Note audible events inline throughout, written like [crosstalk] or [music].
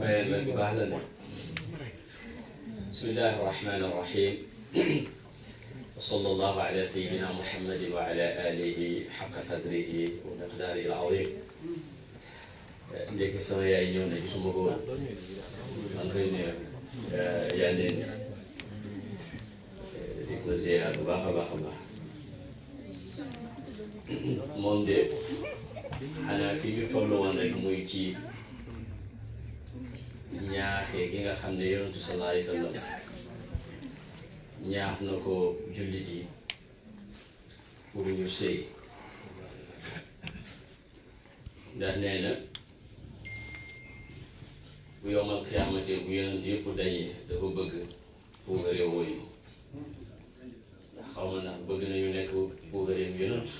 waaye nag baax na ne bismillahi rahmani rahim wa sallallahu ala sayyidina muhammadin wa ala alihi xaqa qadrihi wa miqdaarihi al-azim ndekki sama yaay ñëw na gisuma ko woon man koy nuyu eh, yaa leen eh, di ko ziar bu baax a baax a baax moom de xanaa fi ñu toll woon rek muy ci ñaaxee gi nga xam ne yonentu sallallahu alayhi wa sallam ñaax na ko jullit yi pour ñu sëy ndax nee na bu yomal xiyaamate bu yonent yëpp dañee dafa bëgg puugare wooyu ndax xaw ma ndax bëgg nañu nekk puugareem yonent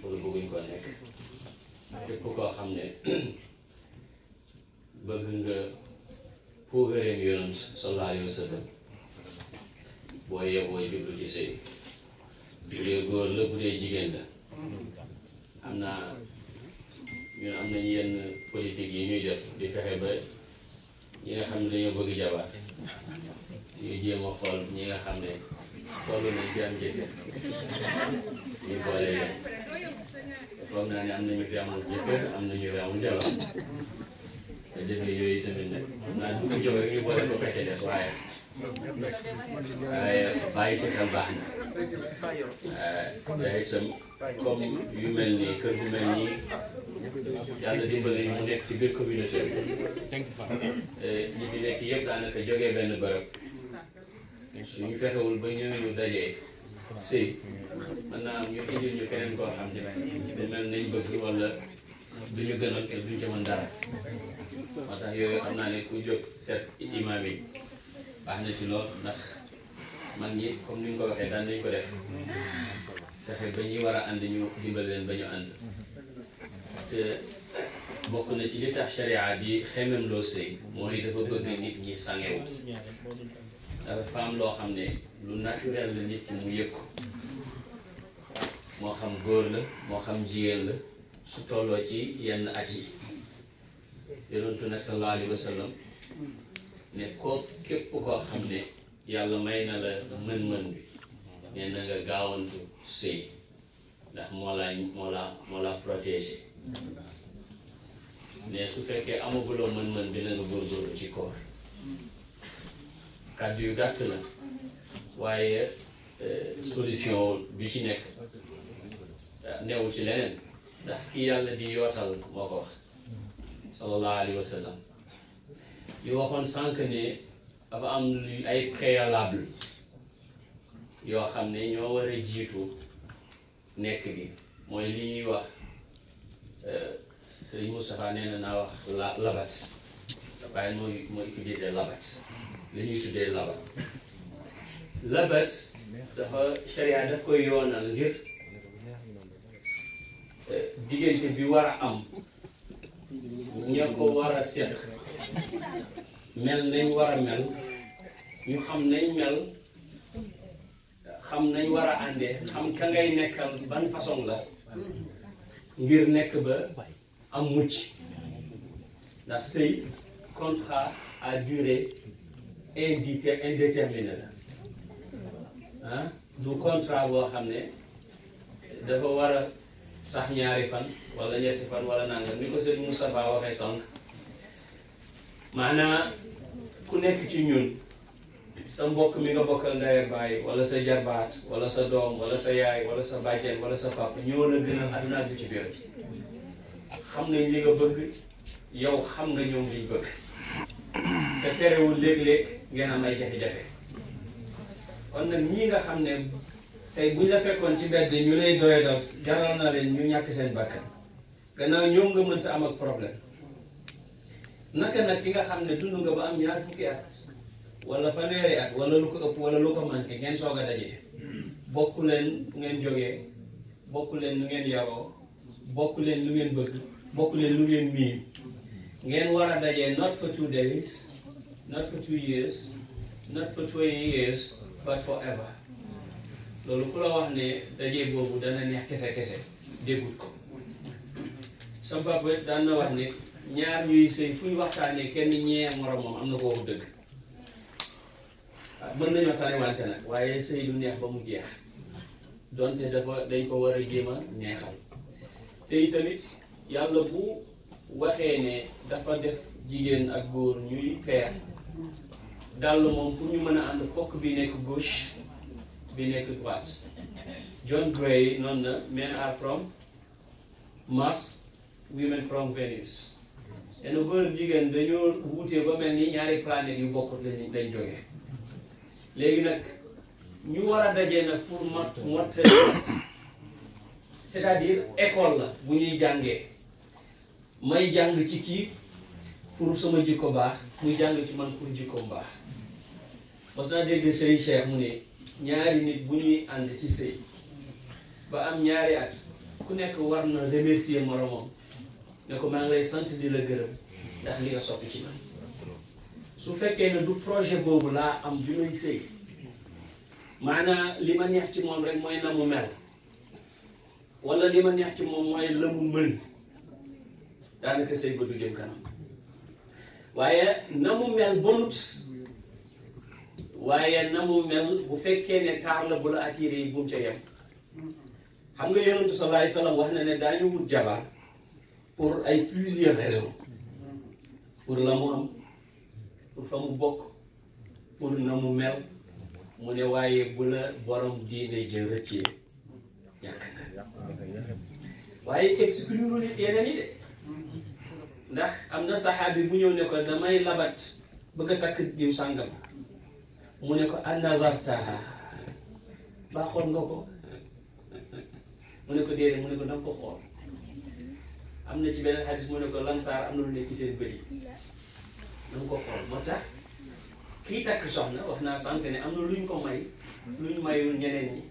wala bëgguñ ko nekk képp koo xam ne bëgg nga puugareem yonent sallallahu alayhi wa sallam boo yeboo jublu ci sëy bu dee góor la bu dee jigéen la am naa ñun am nañu yenn politique yi ñuy def di fexe ba ñi nga xam ne dañoo bëgg jabar ñu jéem a xool ñi nga xam ne am jëkkër ñu boole leen foog am nañu fi amul jëkkër am te jënd yooyu tamit nag naa boole ko fekke des waaye waaye bàyyi ci xel baax na waaye itam comme yu mel nii kër bu mel nii yàlla dimbali ñu mu nekk ci biir communauté bi ñi fi nekk yëpp daanaka jógee benn bërëb ba ñëwñu dajee si mën naa am ñu indil ñu keneen koo xam ne du mel nañ bëgg wala du ñu gënal te duñ ci mën dara moo tax yooyu xam naa ne ku jóg seet imaam yi baax na ci lool ndax man ñi comme ni nga ko waxee daan nañ ko def fexe ba ñuy war a ànd ñu dimbal ba ñu ànd te bokk na ci li tax sharia di xemem loo sëy mooy dafa bëgg nit ñi sangewu dafa faam loo xam ne lu naturel la nit ki mu yëg ko moo xam góor la moo xam jigéen la su tolloo ci yenn at yi yonentu nag sallallahu alayhi ne koo képp koo xam ne yàlla may na la mën-mën bi nee na gaawantu sëy ndax moo laa moo laa moo laa protégé mais su fekkee amaguloo mën-mën bi na nga ci koor kàddu yu gàtt la waaye eh, solution bi ci nekk eh, newul ci leneen ndax ki yàlla di yootal moo ko wax sallallahu alayhi wa sallam yu waxoon sànq ne dafa am lu ay préalable yoo xam ne ñoo war jiitu nekk bi mooy li ñuy wax euh, sëriñ Moustapha a na naa wax la labat waaye mooy mooy utiliser labat li ñuy tuddee labat labat dafa sharia daf koy yoonal ngir euh, diggante bi war am ña ko war a seq mel nañ war a mel ñu xam nañ mel xam nañ war a àndee xam ka ngay nekkal ban façon la ngir nekk ba am mucc ndax sëy contrat à durée indité indéterminée la ah du contrat xam ne dafa war sax ñaari fan wala ñetti fan wala nangam ni ko sëñ Moustapha waxee sonk maanaam ku nekk ci ñun sa mbokk mi nga bokk ndey ak baay wala sa jarbaat wala sa doom wala sa yaay wala sa bàjjen wala sa papa ñoo la gën a àdduna ak ci biir xam nañ li nga bëgg yow xam nga ñoom liñ bëgg te terewul léeg-léeg ngeen am ay jafe-jafe kon nag ñii nga xam ne tey bu ñu fekkoon ci mbedd ñu lay doye dos na leen ñu ñàkk seen bakkan gannaaw ñoom nga mënta am ak problème naka nag ki nga xam ne dund nga ba am ñaar fukki at wala fanweeri at wala lu ko ëpp wala lu ko manqué ngeen soog a daje bokk leen ngeen jóge bokk leen lu ngeen yaroo bokk leen lu ngeen bëgg bokk leen lu ngeen miin ngeen war a dajee not for two days not for two years not for twenty years but forever loolu ku la wax ne daje boobu dana neex kese kese déggut ko sama papa daan na wax ne ñaar ñuy sëy fu ñu waxtaanee kenn ñee moromam am na ko wax dëgg mën nañu waxtaanee nag waaye sëy du neex ba mu jeex donte dafa dañ ko war a jéem a neexal te tamit yàlla bu waxee ne dafa def jigéen ak góor ñuy peer dàll moom pour ñu mën a ànd fokk bi nekk gauche. bi nekk droite John Gray noonu na men are from Mars women from Venus te nu jigéen dañoo wuute ba mel ni ñaari planètes yu bokkut lañ lañ jógee léegi nag ñu war a dajee nag pour mot mot cest à la bu ñuy jàngee may jàng ci kii pour sama jikko baax muy jàng ci man pour jikkoom baax parce que naa dégg Serigne mu ne ñaari nit bu ñuy ànd ci sëy ba am ñaari at ku nekk war na remercier moromam ne ko maa ngi lay sant di la gërëm ndax li nga sopp ci man su fekkee ne du projet boobu laa am bi may sëy maanaa li ma neex ci moom rek mooy na mu mel wala li ma neex ci moom mooy la mu mën daanaka sëy ba du jëm kanam waaye na mu mel bonut waaye na mu mel bu fekkee ne taar la bu la attiré yi bu mu ca yem xam nga yonentu sallallahu alayhi wasallam wax na ne daañu wut jabar pour ay plusieurs raisons pour la mu am pour fa mu bokk pour na mu mel mu ne waaye bu la borom diine jël rëccee yàq na waaye exclure nit yeneen yi de ndax am na saxaabi bu ñëw ne ko damay labat bëgg a takk diw sàngam mu ne ko anadartaha ba xool nga mu ne ko déedéet mu ne ko danga ko xool am na ci beneen xadis mu ne ko lansaar am na lu nekk seen bëri danga ko xool moo tax kii takk soxna wax naa sànq ne am na luñ ko may luñ mayul ñeneen ñi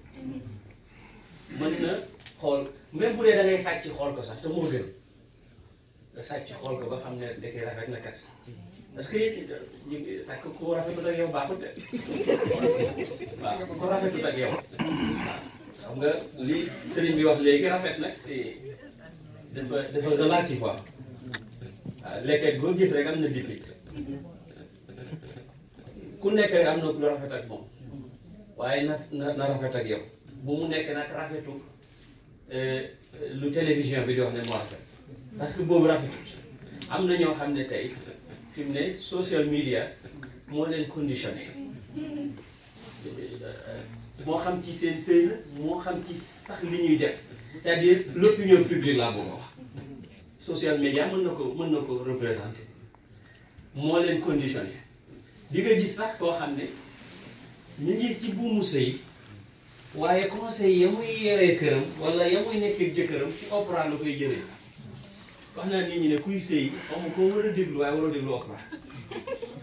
mën na xool même bu dee da ngay sàcc xool ko sax te moo gën nga sàcc xool ko ba xam ne ndeke rafet na kat parce que takk ku rafetut ak yow baaxut de waaw ku rafetut ak yow xam nga li sëriñ bi wax léegi rafet nag si dafa dafa relatif quoi waaw léeg-léeg boo gis rek am na dipit ku nekk rek am na ku rafet ak na na rafet ak yow bu mu nekk nag rafetu eh, lu télévision bi di wax ne moo rafet parce que boobu am na ñoo xam ne tey tim ne social media moo leen moo xam ci seen sëy la moo xam ci sax li ñuy def c'est-à-dire l'opinion publique laa bëgg social media mën na ko mën na ko représenter moo leen conditionné di nga gis sax koo xam ne ñu ngi ci buumu sëy waaye conseil ya muy yoree këram wala ya muy nekk jëkkëram ci opera la koy jëlee wax naa nit ñi ne kuy sëy xaw ma koo war a déglu waaye waroo déglu wax la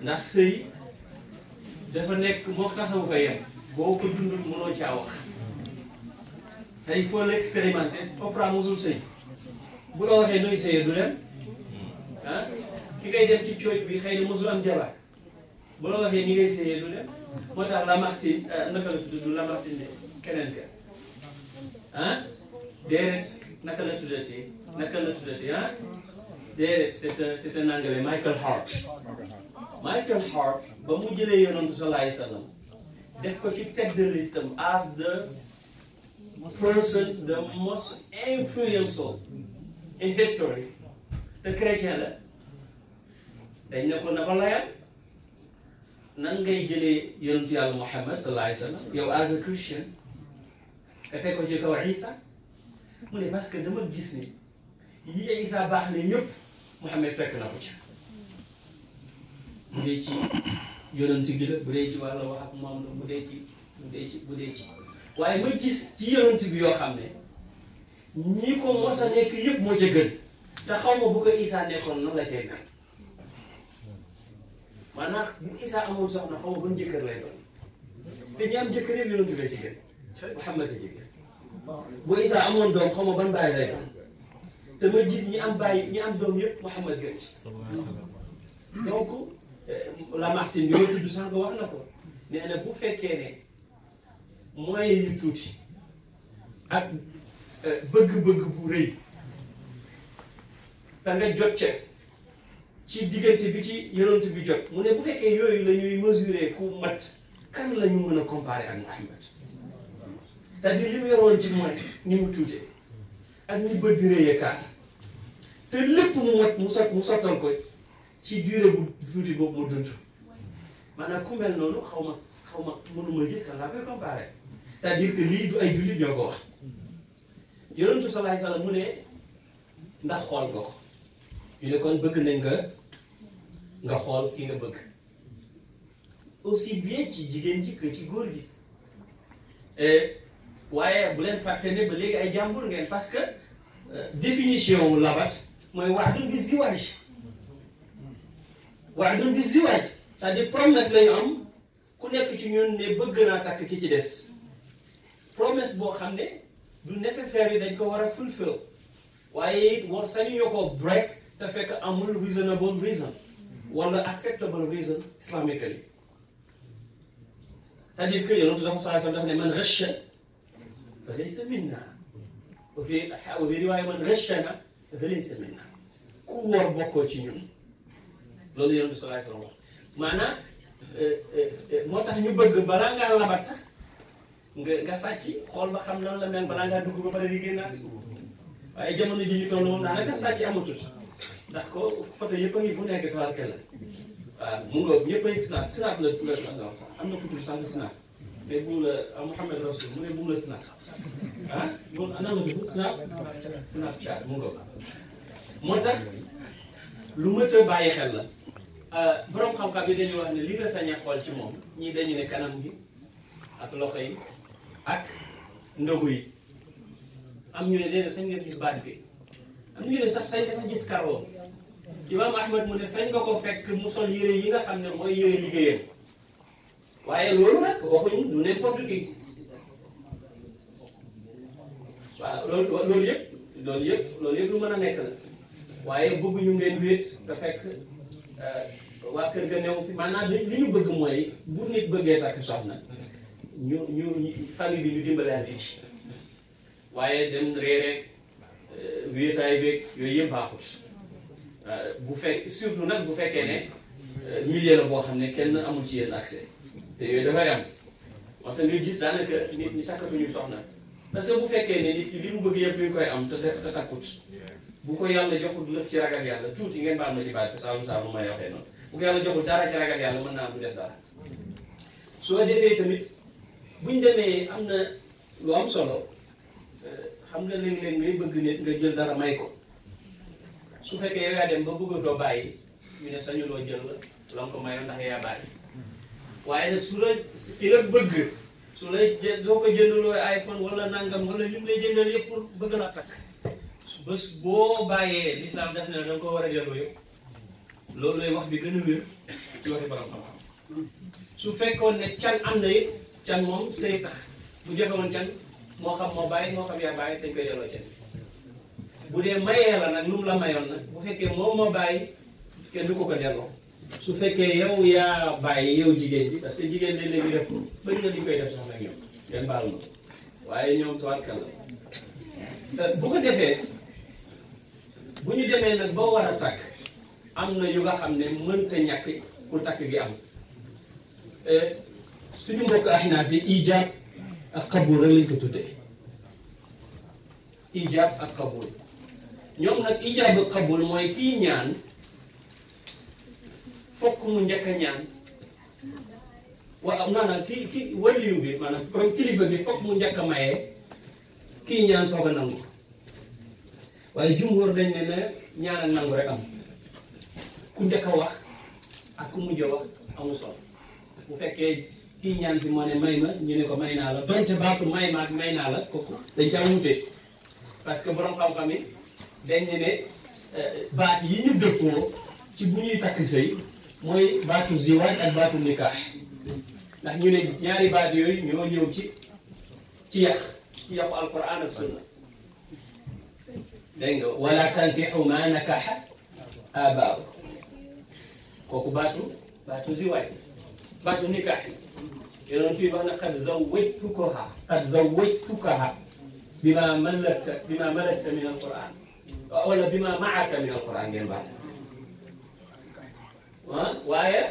ndax sëy dafa nekk moo kasawu ko yem boo ko dundul mënoo caa wax te il faut l'expérimenter Oprah mosul sëy bu la waxee nooy sëyee du dem ah ki ngay def ci cooy bi xëy na mosul am jabar bu la waxee ni ngay sëyee du dem moo tax Lamartine ah, naka la tudd du Lamartine de keneen ka ah déedéet naka la tuddati naka la tuddati ah déedéet c'est un c'est un anglais Michael Hart Michael Hart ba mu jëlee yonantu sallallahu alayhi wa def ko ci tête de liste as the person the most influential in history te chrétien la dañ ne ko naka la yàlla nan ngay jëlee yonantu yàlla Muhammad sallallahu alayhi wa as a Christian nga ko ci kaw Isa mu ne parce que dama gis yi Isa baax la yëpp Mouhamed fekk na ko ci bu dee ci yonent gi la bu dee ci wàllu wax ak moom dee ci bu dee ci bu dee ci waaye ma gis ci yonent bi yoo xam ne ñi ko mos a nekk yëpp moo ca gën te xaw ma bu ko Isa nekkoon nan la cay gën maanaam bu Isa amoon soxna xaw ma ban jëkkër lay doon te ñi am jëkkër yëpp yonent bi la ci gën Mouhamed a ci bu Isa amoon doom xaw ma ban baay lay doon. te ma gis ñi am bàyyi ñi am doom yëpp Mouhamad gën ci donc euh, Lamartine bi ma tudd sànq wax na ko nee na bu fekkee ne moyen yu tuuti ak euh, bëgg-bëgg bu rëy te jot ca ci diggante bi ci yonent bi jot mu ne bu fekkee yooyu la ñuy mesurer ku mat kan la mën a comparer ak Mouhamad c'est-à-dire li ci mooy ni mu tuutee ak ñi bët di rëy kaan te lépp mu mot mu ko ci durée bu tuuti boobu mu dund maanaam ku mel xaw ma xaw ma mënuma gis kan laa koy comparé c'est-à-dire que lii du ay jullit ñoo ko wax yonentu salaay salaam ne ndax xool nga ko ñu ne bëgg nañ nga nga xool ki nga bëgg aussi bien ci jigéen ji que ci góor gi eh, waaye bu leen fàtte ne ba léegi ay jàmbur ngeen parce que euh, définition wu labat mooy waadun bi ziwaaj waadun bi ziwaaj cest à ku nekk ci ñun ne bëgg naa takk ki ci des promesse boo xam ne du nécessaire yi dañ ko war a fulfill waaye it war sañu ñoo ko break te fekk amul reasonable reason wala acceptable reason islamically c'est-à-dire que yonentu dafa saa sam dafa ne man rëcc فليس منا وفي وفي روايه من غشنا فليس منا ku wor bokkoo ci ñun loolu yonent bi sallallahu alayhi wasallam maanaam moo tax ñu bëgg balaa ngaa labat nga nga sàcc xool ba xam nan la mel balaa ngaa dugg ba pare di génnaat waaye jamono ji ñu toll moom daanaka sàcc amatut ndax ko photo yëpp a ngi fu nekk tabarkalla waaw mu nga ñëpp ay snap snap la la am na ku tudd sànq snap te bu mu la ah, Mouhamed Rasul mu ne bu mu snap ah moom anam la tudd snap snapchat mu ngoog moo tax lu mët a bàyyi xel la ah, borom xam-xam yi dañuy wax ne li nga sañ xool ci moom ñi dañu ne kanam gi ak loxo yi ak ndogu yi am ñu ne déedéet sañ nga gis baat bi am ñu ne sañ nga sax gis karoo imam ko fekk mu sol yi nga xam ne mooy yére liggéeyam. waaye loolu nag waxuñu du n'importe qui waaw loolu loolu yëpp loolu yëpp loolu yëpp lu mën a nekk la waaye bëgguñu ngeen wéet te fekk waa kër ga new fi maanaam li ñu bëgg mooy bu nit bëggee takk soxna ñu ñu famille bi ñu dimbalante ci waaye dem réere wéetaay beeg yooyu yëpp baaxut bu fekk surtout nag bu fekkee ne milieu la boo xam ne kenn amul ci yéen te yooyu da ngay am wante nga gis daanaka nit ñi takkatuñu soxna parce que bu fekkee ne nit ki li mu bëgg yëpp mi ngi koy am te te takkut bu ko yàlla joxul lëf ci ragal yàlla tuuti ngeen baal ma ci baat saalum sa may waxee noonu bu ko yàlla joxul dara ci ragal yàlla mën naa am du def dara su ko defee tamit buñ demee am na lo am solo eh, xam nga léeg-léeg ngay bëgg nit nga jël dara may ko su fekkee yow yaa dem ba bëggatoo bàyyi ñu ne sañuloo jël la la nga ko mayoon ndax yaa bàyyi waaye su la ki la bëgg su la soo ko jëndaloo iPhone wala nangam wala li mu lay jëndal yëpp pour bëgg laa takk bés boo bàyyee lislaam def ne da nga ko war a delloo yëpp loolu lay wax bi gën a wér su fekkoon ne can am na it can moom sëy tax bu joxe woon can moo xam moo bàyyi moo xam yaa bàyyi dañ koy delloo can bu dee mayee la nag nu mu la mayoon nag bu fekkee moom moo bàyyi kenn du ko ko delloo su fekkee yow yaa bàyyi yow jigéen ji parce que jigéen de léegi def bëri na li ñu koy def sax nag ñoom kenn baal ma waaye ñoom tuwaatkan la euh, bu ko defee bu demee nag ba war a takk am na yu nga xam ne mënta ñàkk ku takk gi am euh, suñu mbokk ahnaaf yi ijaab ak xabul rek lañ ko tuddee ijaab ak nag ijaab ak xabul mooy kii ñaan fokk mu njëkk a ñaan waaw maanaam ki ki waliyu bi maanaam kon kilifa bi fokk mu njëkk a mayee kii ñaan soog a nangu waaye jumhur dañ ne na ñaan ak nangu rek am ku njëkk a wax ak ku mujj a wax amu solo bu fekkee kii ñaan si moo ne may ma ñu ne ko may naa la donte baatu may ma ak may naa la kooku dañ caa wute parce que borom xam-xam yi dañ ne ne eh, baat yi ñu dëppoo ci bu ñuy takk sëy mooy baatu ziwaaj ak baatu nikaax ndax ñu ne ñaari baat yooyu ñoo ñëw ci ci yàq ci yàqu alquran ak sunna dégg nga wala tantixu ma nakaxa abaaw kooku baatu baatu ziwaaj baatu nikaax yenoon fii wax na qad zawajtukaha qad zawajtukaha bima malakta bima malakta min alquran wala bima maaka min alquran ngeen baax waaye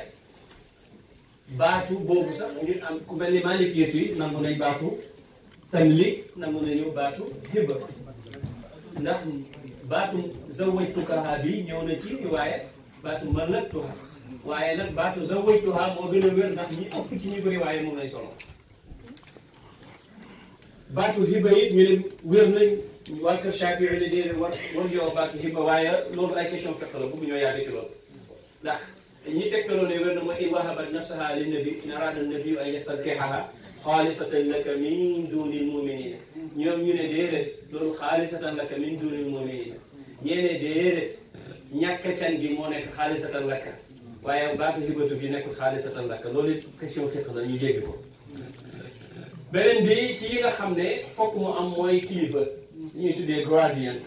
baatu boobu sax ngir am ku mel ni Maalik Yëti nangu nañ baatu tamlik nangu nañu baatu hiba ndax baatu zawajtukaha bi ñëw na ci waaye baatu malaktuha waaye nag baatu zawajtuha moo gën a wér ndax ñi ëpp ci ñi waaye moom lay solo baatu hiba yi ñu nañ waa kër Shaafi'i la dee war war yow baatu hiba waaye loolu ay question fekk la ñoo yaatee ci ndax dañuy tegtaloo ne wér na mooy in wahabat nafsaha linnabi in arada nabiyu an yastarkihaha xaalisatan laka min dunil muminina ñoom ñu ne déedéet loolu xaalisatan laka min dunil muminina ñee ne déedéet ñàkk can gi moo nekk xaalisatan laka waaye baatu hibatu bi nekk xaalisatan laka loolu question fiq la ñu jéggi ko beneen bi ci yi nga xam ne fokk mu am mooy kilifa ñuy tuddee gradient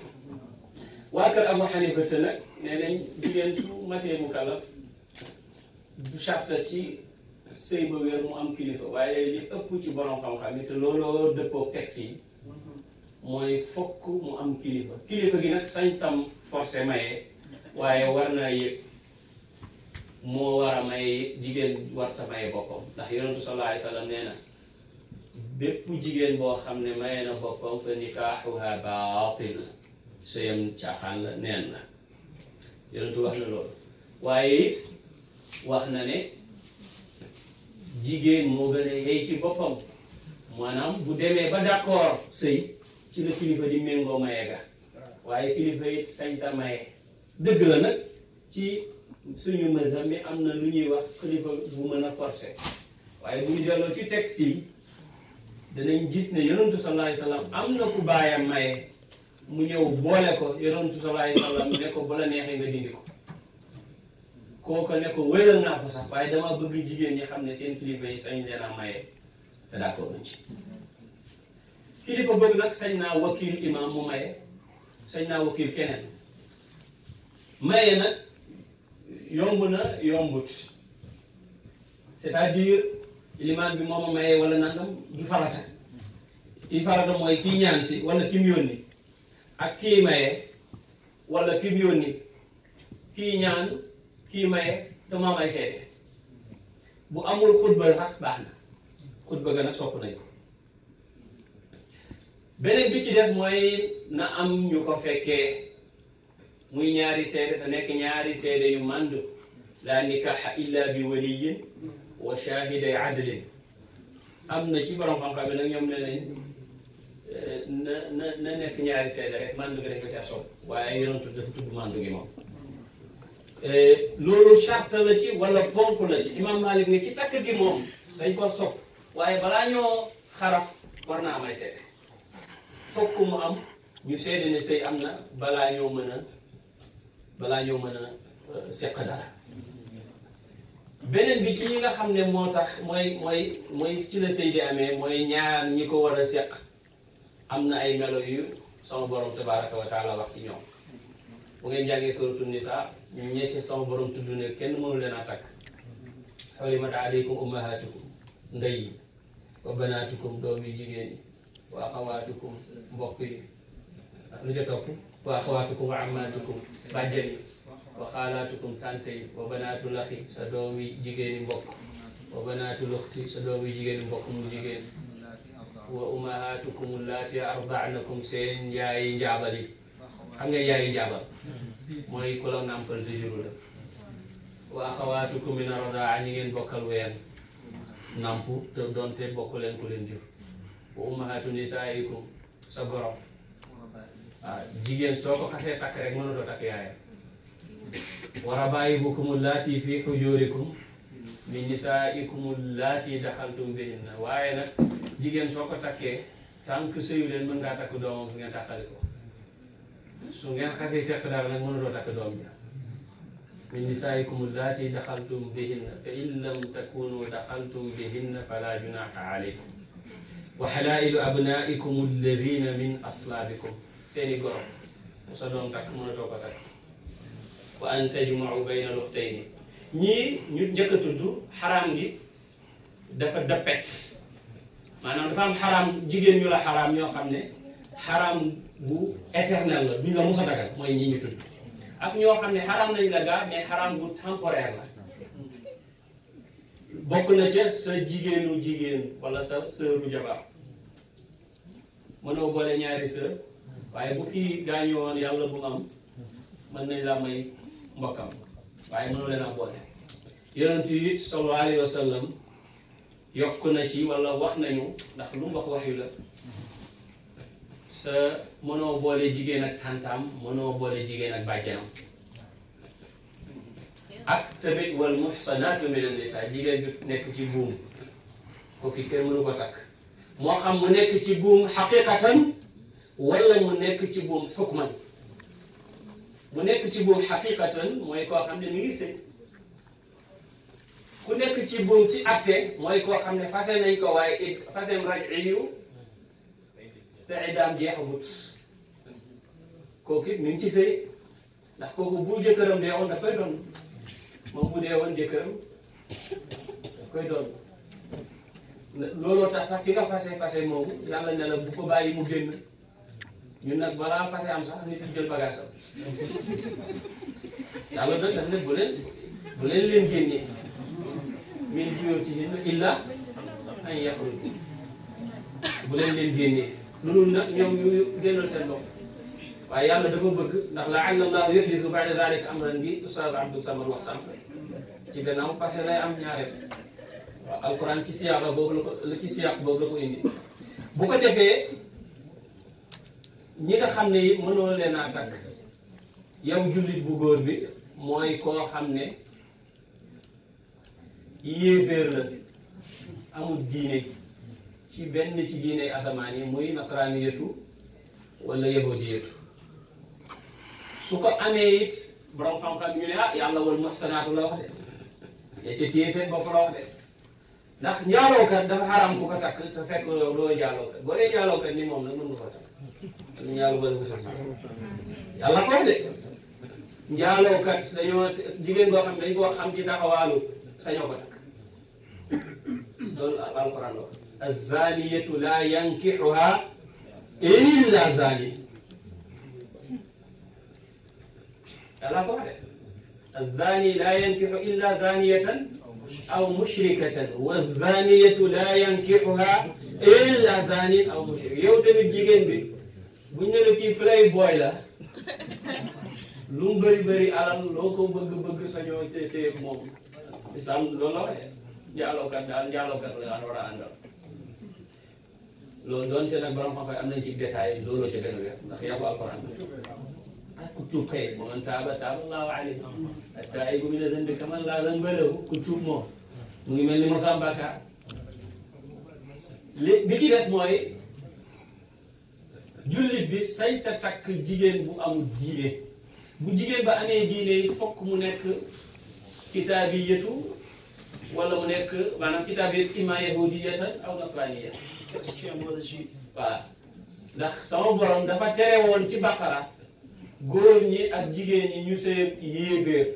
waa kër Abu Xanifa nag nee nañ jigéen su matee mu kalaf du charte ci sëy ba mu am kilifa waaye li ëpp ci borom xam-xam yi te looloo dëppoo texte yi mooy fokk mu am kilifa kilifa gi nag sañ tam forcé maye waaye war naa yëg moo war a maye jigéen warta maye boppam ndax yonentu sallallahu alayhi wasallam nee na bépp jigéen boo xam ne maye na boppam fa nikaaxuha baatil sëyam caaxaan la neen la yonentu wax na loolu waaye wax na ne jigéen moo gën a yey ci boppam maanaam bu demee ba d'accord sëy ci la kilifa di méngoo maye ga waaye kilifa it sañta maye dëgg la nag ci suñu mësa mi am na lu ñuy wax kilifa bu mën a forcer waaye bu ñu delloo ci texte danañ gis ne yonentu sallallahu alayhi wasallam am na ku baayam maye mu ñëw boole ko yonentu sallallahu alayhi wasallam ne ko ba la neexee nga dindi ko kooka ne ko wéyal naa waaye dama bëgg jigéen ñi xam ne seen kilifa yi sañ leen a maye te d'accord nañ ci kilifa bëgg nag sañ naa wakiil imam mu maye sañ naa wakiil keneen maye nag yomb na yombut c'est-à-dire limaan bi moom a maye wala nangam du farata kii farata mooy kii ñaan si wala ki mu yónni ak kii maye wala ki mu yónni kii ñaan kii maye te maa seede bu amul xutba sax baax na xutba ga nag sopp nañ ko bi ci des mooy na am ñu ko fekkee muy ñaari seede te nekk ñaari seede yu màndu laa nikaaxa illa bi waliyin wa shahiday adlin am na ci borom xam-xam bi nag ñoom ne eh, na na na nekk ñaari seede rek màndu gi rek ko ca sopp waaye yonentu dafa tudd màndu gi moom Eh, loolu charte la ci wala bonk la ci imam Malik ne ci takk gi moom dañ koo sopp waaye balaa ñoo xaraf war naa may seede fokk mu am ñu seede ne sëy am na balaa ñoo mën a balaa ñoo mën a eh, seq dara beneen bi ci ñi nga xam ne moo tax mooy mooy mooy ci la sëy di amee mooy ñaar ñi ko war a seq am na ay melo yu sama borom tabaraka wa taala wax ci ñoom bu ngeen jàngee suratu nisa ñoom ñetti sama borom tudd ne kenn mënu leen a takk xurimat aleykum ummahatukum ndey yi wa banatukum doom yi wa axawatukum mbokk yi lu ca wa axawatukum wa ammatukum bàjjen wa xaalaatukum tante yi wa banaatu laxi sa doom yi mbokk wa banaatu luxti sa doom yi mbokk mu wa ummahatukum allaati ardaanakum seen yaayi njaabal yi xam nga yaayi njaabal mooy ku la nàmpal te juru la waa axawaatukum min ar-radaa ngeen bokkal ween nàmp te doonte bokk leen ku leen jur wa ummahaatu nisaa'ikum sa borom waaw jigéen soo ko xasee takk rek mënatoo takk yaayam wa rabaa'ibukum allaati fi hujuurikum min nisaa'ikum allaati daxaltum bihinna waaye nag jigéen soo ko takkee tànk sëyu leen mën ngaa takk doomam fi ngeen tàqali ko su ngeen xasee seq dara nag doom ja min nisaa'ikum daxaltum bihinna fa in lam takunu daxaltum bihinna fala junaaha alaykum wa halaa'ilu abnaa'ikum alladina min aslaabikum seeni goro mu sa doom takk mënatoo ko takk wa an tajmau bayna luxtayni ñii ñu njëkk a tudd xaraam gi dafa dëppet maanaam dafa ñoo ne xaraam bu éternel la duñ la mos a dagal mooy ñii ñu tudd ak ñoo xam ne xaraam nañ la gaa mais xaraam bu temporaire la bokk na ca sa jigéenu jigéen wala sa sëru jabar mënoo boole ñaari sër waaye bu kii yàlla bu am mën nañ laa may mbokkam waaye mënoo leen a boole yonent yi sallallahu alayhi wa yokk na ci wala wax nañu ndax lu mu wax waxyu la sa mënoo boole jigéen ak tantam mënoo boole jigéen ak bàjjanam ak tamit wal muhsanaatu min an-nisaa jigéen nekk ci buum kooku kenn mënu ko takk moo xam mu nekk ci buum xaqiqatan wala mu nekk ci buum xukman mu nekk ci buum xaqiqatan mooy koo xam nekk ci buum ci atte mooy koo xam ne fase nañ ko waaye it fasem te ay daan jeexagut kooku it mi ci sëy ndax kooku bu jëkkëram deewoon daf koy doon moom bu deewoon jëkkëram daf koy doon looloo tax sax ki nga fase fase moomu yàlla ne la bu ko bàyyi mu génn ñun nag balaa fase am sax nit ñi jël bagage am yàlla doon daf ne bu leen bu leen leen génnee min jiyooti hin illa an yaxruj bu leen leen génnee lu dul nag ñoom ñu génnal seen bopp waaye yàlla dafa bëgg ndax la alla allahu yuhdisu ba'da zalika amran bi ustaz Abdou Samad wax sànq ci gannaaw passé lay am ñaareel waaw alquran ci siyaqa boobu la ko la boobu la ko indi bu ko defee ñi nga xam ne yi mënoo leen a takk yow jullit bu góor bi mooy koo xam ne yéeféer la amul diine ci benn ci diine asamaan yi muy nasraaniyatu wala yahudiyatu su ko amee it borom xam-xam ñu ne ah yàlla wal muhsanaatu la wax de ya ca téye seen bopp la wax de ndax njaalookat dafa xaram ku ko takk te fekk loo njaalookat boo dee njaalookat ni moom nag mën nga ko takk lu njaalu bala musal yàlla ko de njaalookat dañoo jigéen goo xam dañ koo xam ci taxawaalu sañoo ko takk loolu alquran la wax azaniyatu laa yankixuha illa zani yàlla ko waxee azani laa yankixu illa zaniyatan aw mushrikatan wa zaniyatu laa yankixuha illa zani aw mushrik yow tamit jigéen bi buñ ne la kii playboy la lu mu bëri bëri alal loo ko bëgg-bëgg sañoo te see moom isam loolu la waxee njaalokat daal njaalokat la daan war a àndal loolu doonte nag borom xam-xam am nañ ci détail looloo ca benn weer ndax yàqu alquran ku tuub kay man taaba taaba allahu alayhi attaa'ibu mina zanbi kaman laa zanba lahu ku tuub moom mu ngi mel ni mosaam bàkkaar li bi ci des mooy jullit bi sayta takk jigéen bu am diine bu jigéen ba amee diine yi fokk mu nekk kitaabiyatu wala mu nekk maanaam kitaabiyat imma yahudiyatan aw nasraniyatan voilà ndax sama borom dafa tere woon ci baqara góor ñi ak jigéen ñi ñu see yéebéer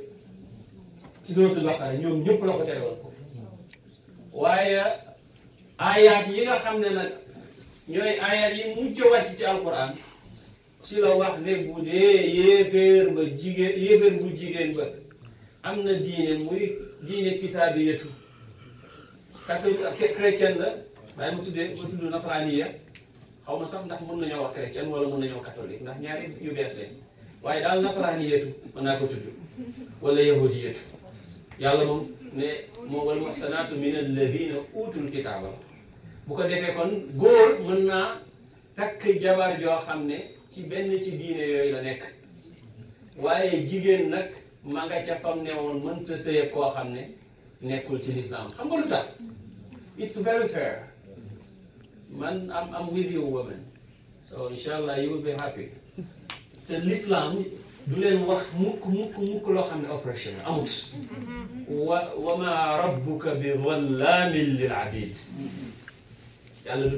ci sootul baqara ñoom ñëpp la ko tere woon waaye ayaat yi nga xam ne nag ñooy ayaat yi mujj wàcc ci alquran ci la wax ne bu dee yéeféer ba jigéen yéeféer bu jigéen ba am na diine muy diine kitaabi yetu catholique chrétien la waaye mu tuddee mu tudd nasaraaniya xaw ma sax ndax mën nañoo wax chrétien wala mën nañoo catholique ndax ñaari yu waaye daal nasaraaniyeetu mën naa ko tudd wala yahudiyeetu yàlla moom ne moo wal muhsanaatu min alladina utul kitaaba bu ko defee kon góor mën naa takk jabar joo xam ne ci benn ci diine yooyu la nekk waaye jigéen nag ma nga ca fam ne woon mënta sëy koo xam ne nekkul ci lislaam xam nga lu tax it's very fair man am I'm with you woman so inshallah you will be happy te l'islam du wax mukk mukk mukk loo xam ne oppression amut wa wa ma bi zallaamin lil abid yàlla du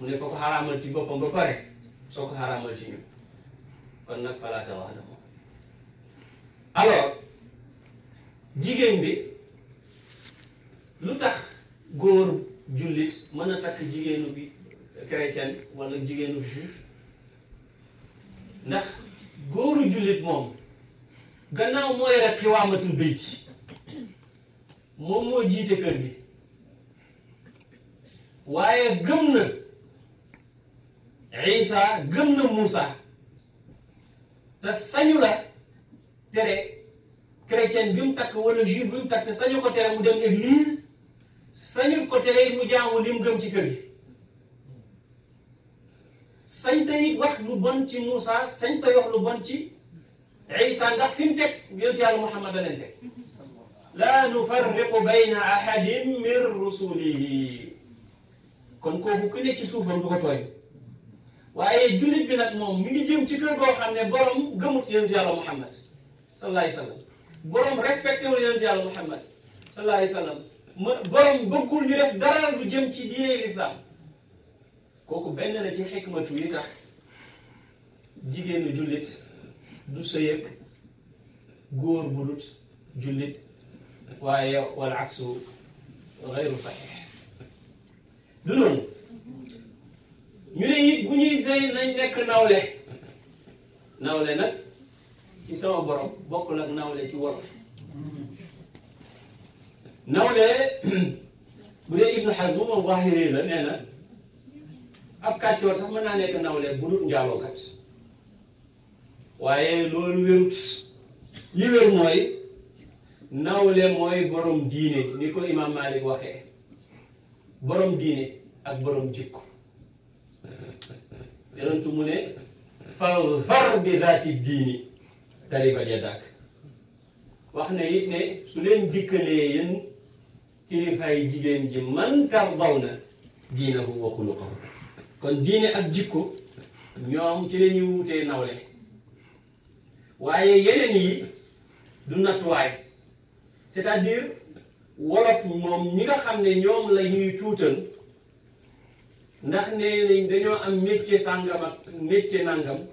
mu ne ko ko xaraamal ci boppam ba pare soo ko xaraamal ci ñun kon nag falaata wax na moom alors jigéen bi lu jullit mën a takk jigéenu bi chrétien wala jigéenu juif ndax góoru jullit moom gannaaw mooy rek xiwaamatul bayt moom moo jiite kër gi waaye gëm na Isa gëm na Moussa te sañu la tere chrétien bi mu takk wala juif bi mu takk sañu ko tere mu dem église sañul ko tere mu jaamu li mu gëm ci kër gi sañ tey wax lu bon ci Moussa sañ tey wax lu bon ci Isa ndax fi mu teg yonent yàlla Muhammad da leen teg laa min rusulihi kon kooku ku ne ci suufam du ko tooy waaye jullit bi na moom mu ngi jëm ci kër goo xam ne borom gëmut yonent yàlla Muhammad sallallahu alayhi wa sallam borom respecté wul yonent yàlla Muhammad sallallahu alayhi wa borom bëggul ñu def dara lu jëm ci diine lislaam kooku benn la ci xikmatu yi tax jigéenu jullit du sëyëg góor bu dut jullit waaye wal aksu gayru saxiix du noonu ñu ne it bu ñuy sëy nañ nekk nawle nawle nag ci sama borom bokkul ak nawle ci wolof nawle [clears throat] bu dee Ibnu Hazm moom Zahiri la nee na ab kàccoor sax mën naa nekk nawle bu dul njaalookat waaye loolu wérut li wér mooy nawle mooy borom diine ni ko Imaam Malik waxee borom diine ak boroom jikko yonentu mu ne fadfar bi daati diini taribal ya dàkk wax na it ne su leen dikkalee yéen kilifaay jigéen ji man tardaw na diinahu wa xuluqahu kon diine ak jikko ñoom ci la ñuy nawle waaye yeneen yi du nattuwaay c'est-à-dire wolof moom ñi nga xam ne ñoom la ñuy tuutal ndax ne dañoo am métier sàngam ak nàngam